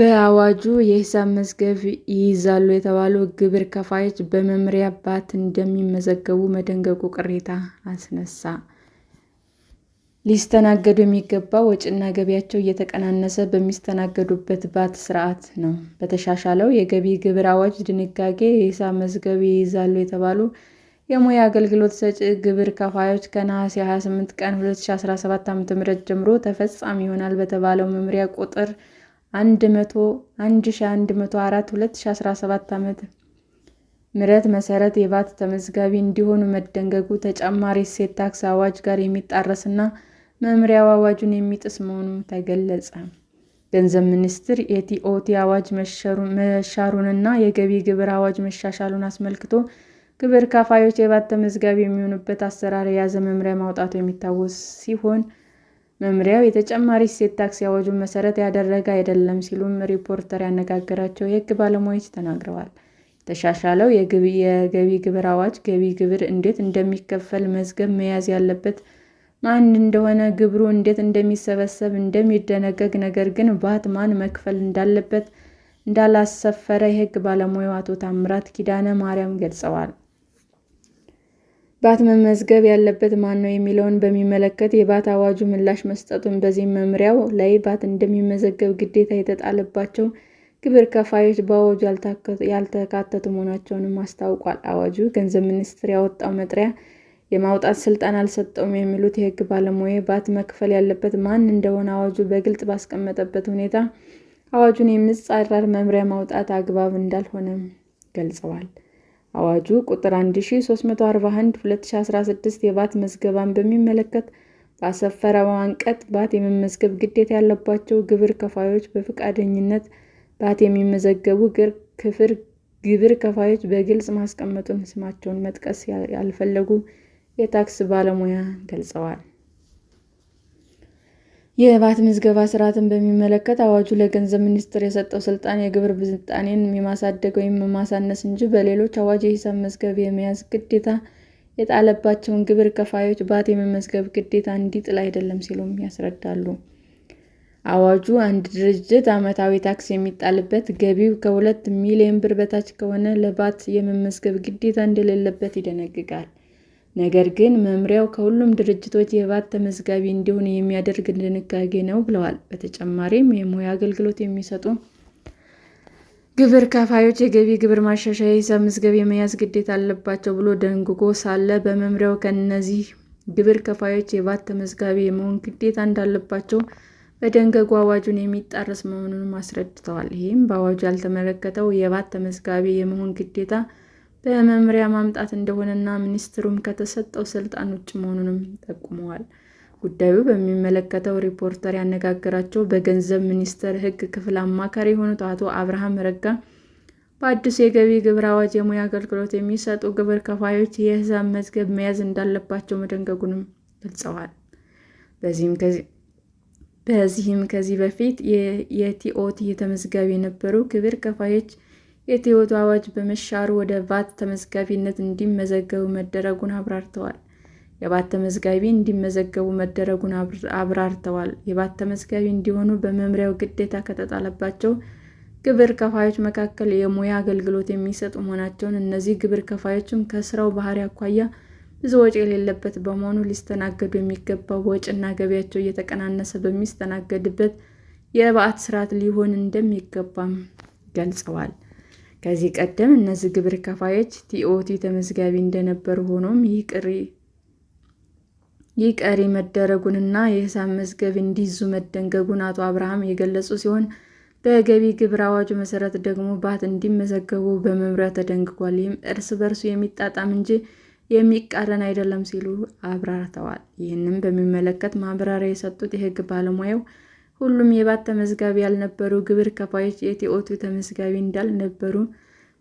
በአዋጁ የሂሳብ መዝገብ ይይዛሉ የተባሉ ግብር ከፋዮች በመምሪያ ባት እንደሚመዘገቡ መደንገጉ ቅሬታ አስነሳ። ሊስተናገዱ የሚገባው ወጪና ገቢያቸው እየተቀናነሰ በሚስተናገዱበት ባት ስርዓት ነው። በተሻሻለው የገቢ ግብር አዋጅ ድንጋጌ የሂሳብ መዝገብ ይይዛሉ የተባሉ የሙያ አገልግሎት ሰጪ ግብር ከፋዮች ከነሐሴ 28 ቀን 2017 ዓ.ም ጀምሮ ተፈጻሚ ይሆናል በተባለው መምሪያ ቁጥር 1104/2017 ዓ.ም መሰረት የVAT ተመዝጋቢ እንዲሆኑ መደንገጉ ተጨማሪ እሴት ታክስ አዋጅ ጋር የሚጣረስና መምሪያው አዋጁን የሚጥስ መሆኑ ተገለጸ። ገንዘብ ሚኒስቴር የቲኦቲ አዋጅ መሻሩንና የገቢ ግብር አዋጅ መሻሻሉን አስመልክቶ ግብር ከፋዮች የባት ተመዝጋቢ የሚሆኑበት አሰራር የያዘ መምሪያ ማውጣቱ የሚታወስ ሲሆን መምሪያው የተጨማሪ እሴት ታክስ አዋጁን መሰረት ያደረገ አይደለም ሲሉም ሪፖርተር ያነጋገራቸው የህግ ባለሙያዎች ተናግረዋል። የተሻሻለው የገቢ ግብር አዋጅ ገቢ ግብር እንዴት እንደሚከፈል፣ መዝገብ መያዝ ያለበት ማን እንደሆነ፣ ግብሩ እንዴት እንደሚሰበሰብ እንደሚደነገግ፣ ነገር ግን ባት ማን መክፈል እንዳለበት እንዳላሰፈረ የህግ ባለሙያው አቶ ታምራት ኪዳነ ማርያም ገልጸዋል። ባት መመዝገብ ያለበት ማን ነው የሚለውን በሚመለከት የባት አዋጁ ምላሽ መስጠቱን በዚህም መምሪያው ላይ ባት እንደሚመዘገብ ግዴታ የተጣለባቸው ግብር ከፋዮች በአዋጁ ያልተካተቱ መሆናቸውንም አስታውቋል። አዋጁ ገንዘብ ሚኒስቴር ያወጣው መጥሪያ የማውጣት ስልጣን አልሰጠውም የሚሉት የህግ ባለሙያ ባት መክፈል ያለበት ማን እንደሆነ አዋጁ በግልጽ ባስቀመጠበት ሁኔታ አዋጁን የሚጻረር መምሪያ ማውጣት አግባብ እንዳልሆነም ገልጸዋል። አዋጁ ቁጥር 1341 2016 የባት ምዝገባን በሚመለከት ባሰፈረው አንቀጽ ባት የመመዝገብ ግዴታ ያለባቸው ግብር ከፋዮች በፈቃደኝነት ባት የሚመዘገቡ ግብር ከፋዮች በግልጽ ማስቀመጡን ስማቸውን መጥቀስ ያልፈለጉ የታክስ ባለሙያ ገልጸዋል። የባት ምዝገባ ስርዓትን በሚመለከት አዋጁ ለገንዘብ ሚኒስትር የሰጠው ስልጣን የግብር ብዝጣኔን የማሳደግ ወይም ማሳነስ እንጂ በሌሎች አዋጅ የሂሳብ መዝገብ የመያዝ ግዴታ የጣለባቸውን ግብር ከፋዮች ባት የመመዝገብ ግዴታ እንዲጥል አይደለም ሲሉም ያስረዳሉ። አዋጁ አንድ ድርጅት ዓመታዊ ታክስ የሚጣልበት ገቢው ከሁለት ሚሊዮን ብር በታች ከሆነ ለባት የመመዝገብ ግዴታ እንደሌለበት ይደነግጋል። ነገር ግን መምሪያው ከሁሉም ድርጅቶች የቫት ተመዝጋቢ እንዲሆኑ የሚያደርግ ድንጋጌ ነው ብለዋል። በተጨማሪም የሙያ አገልግሎት የሚሰጡ ግብር ከፋዮች የገቢ ግብር ማሻሻያ የሂሳብ መዝገብ የመያዝ ግዴታ አለባቸው ብሎ ደንግጎ ሳለ በመምሪያው ከእነዚህ ግብር ከፋዮች የባት ተመዝጋቢ የመሆን ግዴታ እንዳለባቸው በደንገጉ አዋጁን የሚጣረስ መሆኑንም አስረድተዋል። ይህም በአዋጁ ያልተመለከተው የባት ተመዝጋቢ የመሆን ግዴታ በመምሪያ ማምጣት እንደሆነና ሚኒስትሩም ከተሰጠው ስልጣን ውጭ መሆኑንም ጠቁመዋል። ጉዳዩ በሚመለከተው ሪፖርተር ያነጋገራቸው በገንዘብ ሚኒስቴር ሕግ ክፍል አማካሪ የሆኑት አቶ አብርሃም ረጋ በአዲሱ የገቢ ግብር አዋጅ የሙያ አገልግሎት የሚሰጡ ግብር ከፋዮች የሂሳብ መዝገብ መያዝ እንዳለባቸው መደንገጉንም ገልጸዋል። በዚህም ከዚህ በፊት የቲኦቲ ተመዝጋቢ የነበሩ ግብር ከፋዮች የቴዎቱ አዋጅ በመሻሩ ወደ ቫት ተመዝጋቢነት እንዲመዘገቡ መደረጉን አብራርተዋል። የቫት ተመዝጋቢ እንዲመዘገቡ መደረጉን አብራርተዋል። የቫት ተመዝጋቢ እንዲሆኑ በመምሪያው ግዴታ ከተጣለባቸው ግብር ከፋዮች መካከል የሙያ አገልግሎት የሚሰጡ መሆናቸውን፣ እነዚህ ግብር ከፋዮችም ከስራው ባህሪ አኳያ ብዙ ወጪ የሌለበት በመሆኑ ሊስተናገዱ የሚገባው ወጪና ገቢያቸው እየተቀናነሰ በሚስተናገድበት የበዓት ስርዓት ሊሆን እንደሚገባም ገልጸዋል። ከዚህ ቀደም እነዚህ ግብር ከፋዮች ቲኦቲ ተመዝጋቢ እንደነበሩ ሆኖም ይህ ቀሪ መደረጉንና የሂሳብ መዝገብ እንዲይዙ መደንገጉን አቶ አብርሃም የገለጹ ሲሆን በገቢ ግብር አዋጁ መሰረት ደግሞ ባት እንዲመዘገቡ በመምሪያው ተደንግጓል። ይህም እርስ በርሱ የሚጣጣም እንጂ የሚቃረን አይደለም ሲሉ አብራርተዋል። ይህንም በሚመለከት ማብራሪያ የሰጡት የህግ ባለሙያው ሁሉም የባት ተመዝጋቢ ያልነበሩ ግብር ከፋዮች የቲኦቲ ተመዝጋቢ እንዳልነበሩ፣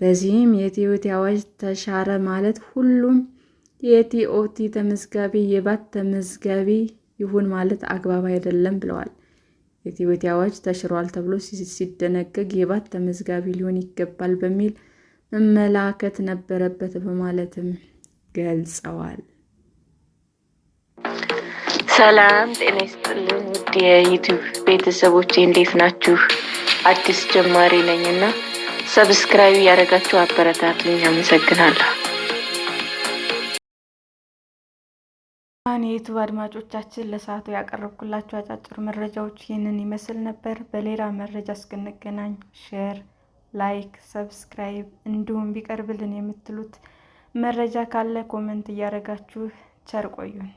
በዚህም የቲኦቲ አዋጅ ተሻረ ማለት ሁሉም የቲኦቲ ተመዝጋቢ የባት ተመዝጋቢ ይሁን ማለት አግባብ አይደለም ብለዋል። የቲኦቲ አዋጅ ተሽሯል ተብሎ ሲደነገግ የባት ተመዝጋቢ ሊሆን ይገባል በሚል መመላከት ነበረበት በማለትም ገልጸዋል። ሰላም ጤና ይስጥልን ውድ የዩቲዩብ ቤተሰቦች እንዴት ናችሁ? አዲስ ጀማሪ ነኝ እና ሰብስክራይብ ያደረጋችሁ አበረታትልኝ። አመሰግናለሁ። አሁን የዩቱብ አድማጮቻችን ለሰዓቱ ያቀረብኩላችሁ አጫጭር መረጃዎች ይህንን ይመስል ነበር። በሌላ መረጃ እስክንገናኝ ሼር፣ ላይክ፣ ሰብስክራይብ እንዲሁም ቢቀርብልን የምትሉት መረጃ ካለ ኮመንት እያደረጋችሁ ቸር ቆዩን።